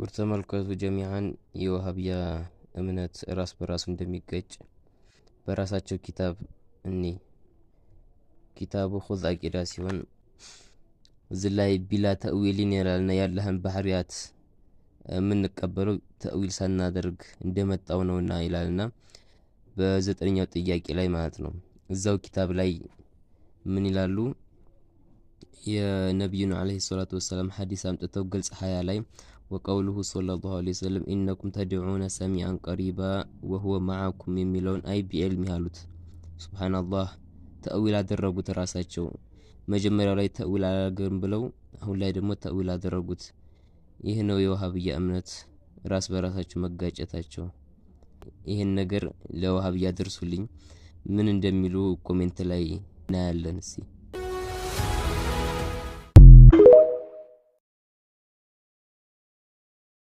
ጉር ተመልከቱ ጀሚያን የወሃቢያ እምነት ራስ በራሱ እንደሚገጭ በራሳቸው ኪታብ እኒ ኪታቡ ሁዝ አቂዳ ሲሆን እዚ ላይ ቢላ ተእዊልን ይላልና ያለህን ባህርያት የምንቀበለው ተእዊል ሳናደርግ እንደመጣው ነውና ይላልና በዘጠነኛው ጥያቄ ላይ ማለት ነው። እዛው ኪታብ ላይ ምን ይላሉ? የነቢዩን ዓለይሂ ሰላቱ ወሰላም ሀዲስ አምጥተው ግልጽ ሀያ ላይ ወቀውልሁ ሰለላሁ ዐለይሂ ወሰለም ኢነኩም ተድዑነ ሰሚዐን ቀሪባ ወሁወ መዓኩም የሚለውን አይ ቢኤልሚ አሉት። ሱብሃነላህ ተእዊል አደረጉት። ራሳቸው መጀመሪያው ላይ ተእዊል አላገርም ብለው አሁን ላይ ደግሞ ተእዊል አደረጉት። ይህ ነው የውሃብያ እምነት ራስ በራሳቸው መጋጨታቸው። ይህን ነገር ለውሃብያ ደርሱልኝ ምን እንደሚሉ ኮሜንት ላይ እናያለን እስቲ